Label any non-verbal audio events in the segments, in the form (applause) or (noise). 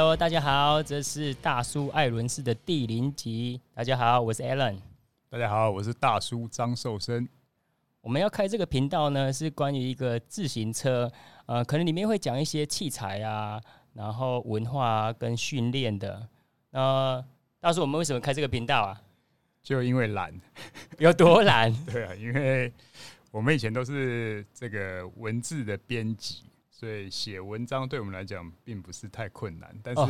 Hello，大家好，這是大叔艾倫斯的第零集。大家好，我是 Alan。大家好，我是大叔張壽生。我們要開這個頻道呢，是關於一個自行車，呃，可能裡面會講一些器材啊，然後文化啊，跟訓練的。呃，大叔，我們為什麼開這個頻道啊？就因為懶， (laughs) 有多懶 懶？ (laughs) 對啊，因為我們以前都是這個文字的編輯。所以寫文章對我們來講並不是太困難，但是哦、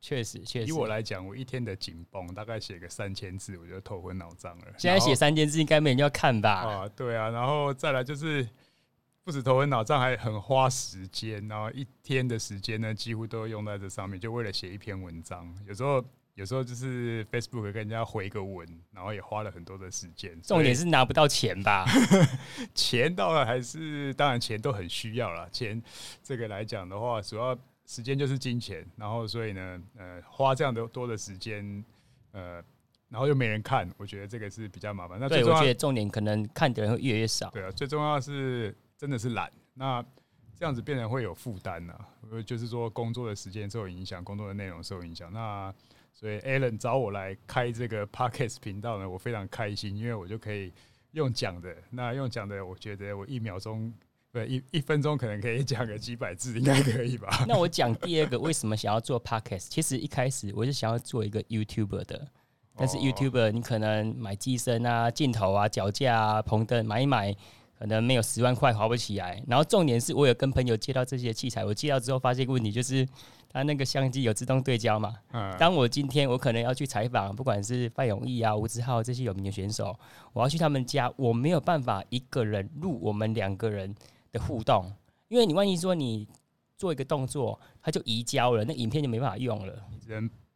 確實，確實以我來講，我一天的緊繃，大概寫個三千字，我就頭昏腦脹了。現在寫三千字應該沒人要看吧？啊，對啊，然後再來就是不止頭昏腦脹，還很花時間，然後一天的時間呢，幾乎都用在這上面，就為了寫一篇文章，有時候。有時候就是 Facebook 跟人家回個文，然後也花了很多的時間。重點是拿不到錢吧？ (laughs) 錢到了還是當然錢都很需要啦。錢這個來講的話，主要時間就是金錢。然後所以呢，呃，花這樣的多的時間，呃，然後又沒人看，我覺得這個是比較麻煩。那最重要，對，我覺得重點可能看的人會越來越少。對啊，最重要是真的是懶。那這樣子變成會有負擔吶，就是說工作的時間受影響，工作的內容受影響。那所以 Alan 找我來開這個 Podcast 頻道呢，我非常開心，因為我就可以用講的。那用講的，我覺得我一秒鐘，不是，一分鐘，可能可以講個幾百字，應該可以吧？那我講第二個，為什麼想要做 Podcast？ (laughs) 其實一開始我就想要做一個 YouTuber 的，但是 YouTuber 你可能買機身啊、鏡頭啊、腳架啊、棚燈買一買，可能沒有十萬塊花不起來。然後重點是，我有跟朋友借到這些器材，我借到之後發現一個問題就是。他、啊、那個相機有自動對焦嘛？嗯、當我今天我可能要去採訪，不管是范永義啊、吳志浩這些有名的選手，我要去他們家，我沒有辦法一個人錄我們兩個人的互動，嗯、因為你萬一說你做一個動作，他就移焦了，那影片就沒辦法用了。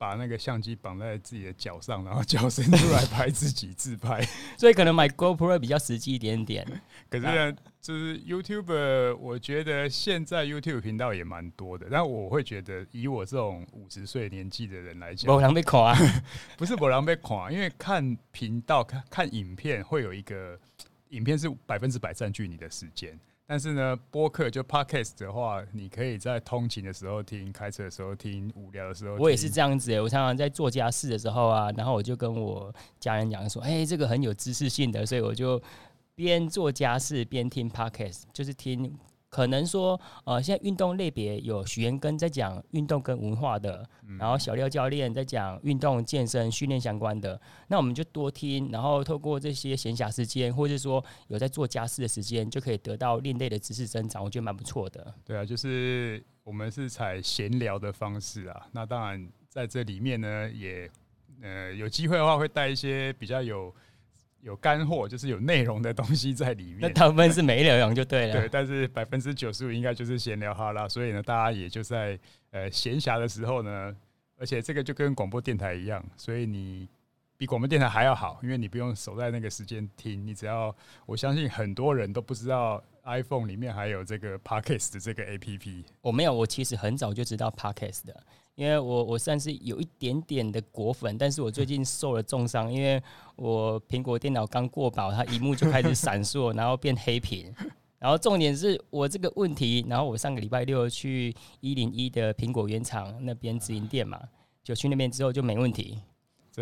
把那個相機綁在自己的腳上，然後腳伸出來拍自己自拍， (laughs) 所以可能買 GoPro 比較實際一點點。可是呢那 就是 YouTuber，我覺得現在 YouTube 頻道也蠻多的，但我會覺得，以我這種五十歲年紀的人來講，沒人要看啊，不是沒人要看啊，因為看頻道看看影片會有一個影片是百分之百占據你的時間。但是呢，播客就 Podcast 的話，你可以在通勤的時候聽，開車的時候聽，無聊的時候聽。我也是這樣子欸，我常常在做家事的時候啊，然後我就跟我家人講說：“欸，這個很有知識性的。”所以我就邊做家事邊聽 Podcast，就是聽。可能說，呃，現在運動類別有許彥根在講運動跟文化的，然後小廖教練在講運動健身訓練相關的，那我們就多聽，然後透過這些閒暇時間，或是說有在做家事的時間，就可以得到另類的知識增長，我覺得蠻不錯的。對啊，就是我們是採閒聊的方式啊，那當然在這裡面呢，也呃有機會的話會帶一些比較有。有乾貨，就是有內容的東西在裡面。那大部分是沒內容就對了。 (laughs) 對，但是百分之九十五應該就是閒聊哈啦，所以呢，大家也就在呃閒暇的時候呢，而且這個就跟廣播電台一樣，所以你。比廣播電台還要好，因為你不用守在那個時間聽，你只要我相信很多人都不知道 iPhone 裡面還有這個 Podcast 的這個 A P P。我、哦、沒有，我其實很早就知道 Podcast 的，因為我我算是有一點點的果粉，但是我最近受了重傷，因為我蘋果電腦剛過保，它熒幕就開始閃爍， (laughs) 然後變黑屏，然後重點是我這個問題，然後我上個禮拜六去一零一的蘋果原廠那邊直營店嘛，就去那邊之後就沒問題。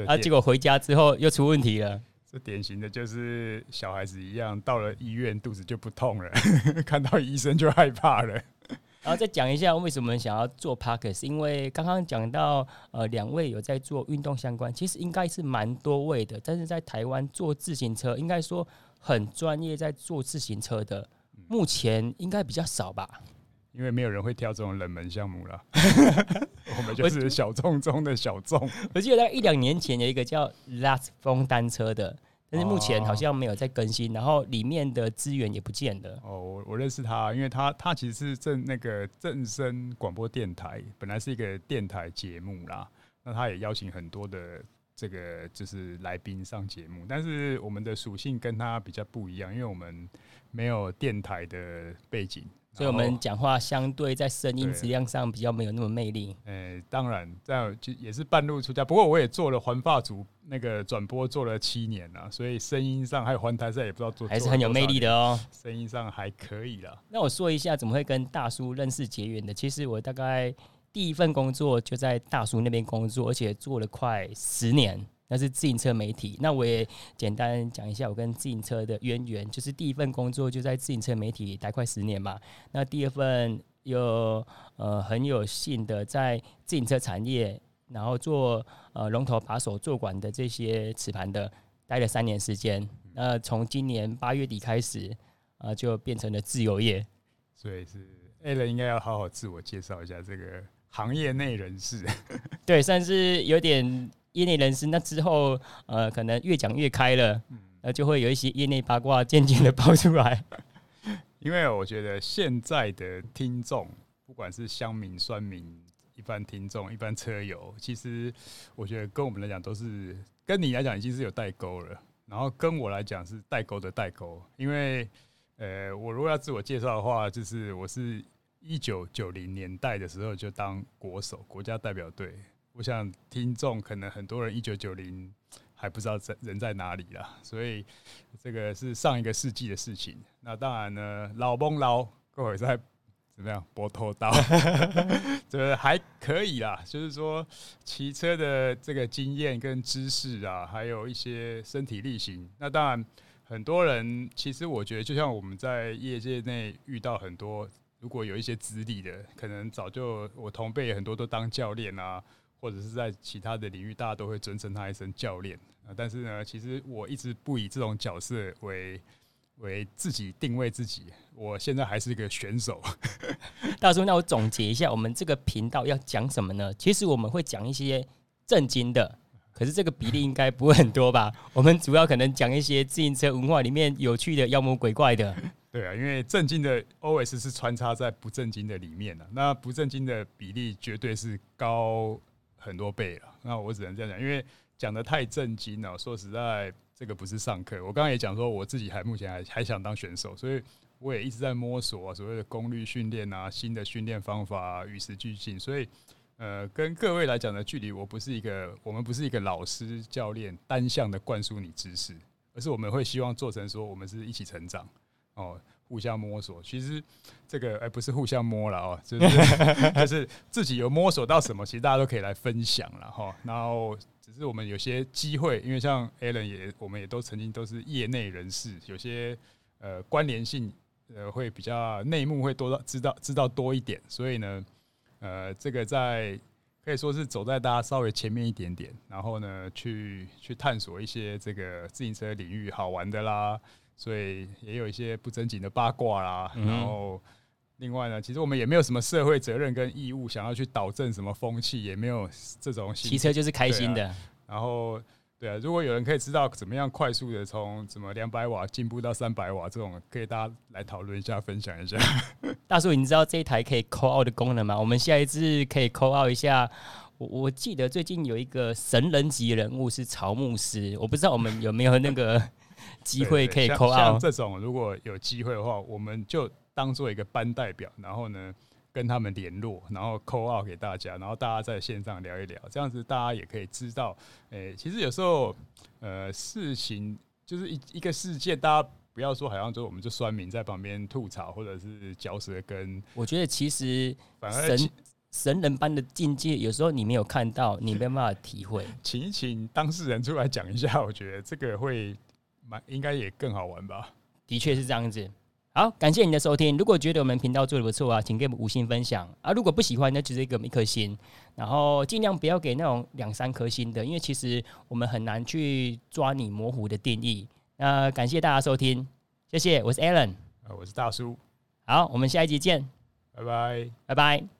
啊！結果回家之後又出問題了，這典型的就是小孩子一樣，到了醫院肚子就不痛了，呵呵，看到醫生就害怕了。然後再講一下為什麼想要做 podcast，因為剛剛講到呃兩位有在做運動相關，其實應該是蠻多位的，但是在台灣做自行車應該說很專業，在做自行車的目前應該比較少吧，因為沒有人會挑這種冷門項目了。 (laughs) 我們就是小眾中的小眾。我記得在一兩年前有一個叫 “last 風單車”的，但是目前好像沒有在更新，然後裡面的資源也不見了。哦，我我認識他，因為他他其實是正那個正聲廣播電台，本來是一個電台節目啦。那他也邀請很多的這個就是來賓上節目，但是我們的屬性跟他比較不一樣，因為我們沒有電台的背景。所以我們講話相對在聲音質量上比較沒有那麼魅力。誒，當然，在就也是半路出家，不過我也做了環法組那個轉播，做了七年了，所以聲音上還有環台賽也不知道做，還是很有魅力的哦。聲音上還可以啦。那我說一下怎麼會跟大叔認識結緣的？其實我大概第一份工作就在大叔那邊工作，而且做了快十年。那是自行車媒體，那我也簡單講一下我跟自行車的淵源，就是第一份工作就在自行車媒體待快十年嘛，那第二份有呃很有幸的在自行車產業，然後做呃龍頭把手做管的這些磁盤的，待了三年時間，那從今年八月底開始啊、呃、就變成了自由業，所以是 Alan 應該要好好自我介紹一下這個行業內人士，對，算是有點。業內人士，那之後，呃，可能越講越開了，那、呃、就會有一些業內八卦漸漸的爆出來。 (laughs) 因為我覺得現在的聽眾，不管是鄉民、酸民，一般聽眾、一般車友，其實我覺得跟我們來講都是跟你來講已經是有代溝了，然後跟我來講是代溝的代溝。因為，呃，我如果要自我介紹的話，就是我是一九九零年代的時候就當國手，國家代表隊。我想聽眾可能很多人一九九零還不知道在人在哪裡啦，所以這個是上一個世紀的事情。那當然呢，老翁老，各位在怎麼樣？波托刀這還可以啦。就是說騎車的這個經驗跟知識啊，還有一些身體力行。那當然，很多人其實我覺得，就像我們在業界內遇到很多，如果有一些資歷的，可能早就我同輩很多都當教練啊。或者是在其他的領域，大家都會尊稱他一聲教練啊。但是呢，其實我一直不以這種角色為為自己定位自己。我現在還是一個選手。 (laughs) 大叔，那我總結一下，我們這個頻道要講什麼呢？其實我們會講一些正經的，可是這個比例應該不會很多吧？ (laughs) 我們主要可能講一些自行車文化裡面有趣的妖魔鬼怪的。對啊，因為正經的 OS 是穿插在不正經的裡面了、啊。那不正經的比例絕對是高。很多倍了，那我只能這樣講，因為講的太震驚了。說實在，這個不是上課，我剛剛也講說，我自己還目前還還想當選手，所以我也一直在摸索啊，所謂的功率訓練啊，新的訓練方法啊，與時俱進。所以，呃，跟各位來講的距離，我不是一個，我們不是一個老師教練，單向的灌輸你知識，而是我們會希望做成說，我們是一起成長哦。互相摸索，其實這個哎、欸、不是互相摸了哦、喔，就是 (laughs) 但是自己有摸索到什麼，其實大家都可以來分享了哈、喔。然後只是我們有些機會，因為像 Alan 也，我們也都曾經都是業內人士，有些呃關聯性，呃會比較內幕會多到知道知道多一點，所以呢，呃這個在可以說是走在大家稍微前面一點點，然後呢去去探索一些這個自行車領域好玩的啦。所以也有一些不正經的八卦啦，然後另外呢，其實我們也沒有什麼社會責任跟義務想要去導正什麼風氣，也沒有這種。騎車就是開心的。啊、然後，對啊，如果有人可以知道怎麼樣快速的從怎麼兩百瓦進步到三百瓦這種，可以大家來討論一下，分享一下。 (laughs) 大叔，你知道這一台可以扣奧的功能嗎？我們下一次可以扣奧一下。我我記得最近有一個神人級人物是曹牧師，我不知道我們有沒有那個。 (laughs) 機會可以 call out，像這種如果有機會的話，我們就當做一個班代表，然後呢，跟他們聯絡，然後 call out 給大家，然後大家在線上聊一聊，這樣子大家也可以知道。欸、其實有時候，呃，事情就是一一個事件，大家不要說好像說我們就酸民在旁邊吐槽或者是嚼舌根。我覺得其實神反而神人般的境界，有時候你沒有看到，你沒有辦法體會。 (laughs) 請一請當事人出來講一下，我覺得這個會。應該也更好玩吧？的確是這樣子。好，感謝你的收聽。如果覺得我們頻道做得不錯啊，請給我們五星分享啊！如果不喜歡，那就只給我們一顆星。然後盡量不要給那種兩三顆星的，因為其實我們很難去抓你模糊的定義。那感謝大家收聽，謝謝。我是 Alan，我是大叔。好，我們下一集見，拜拜，拜拜。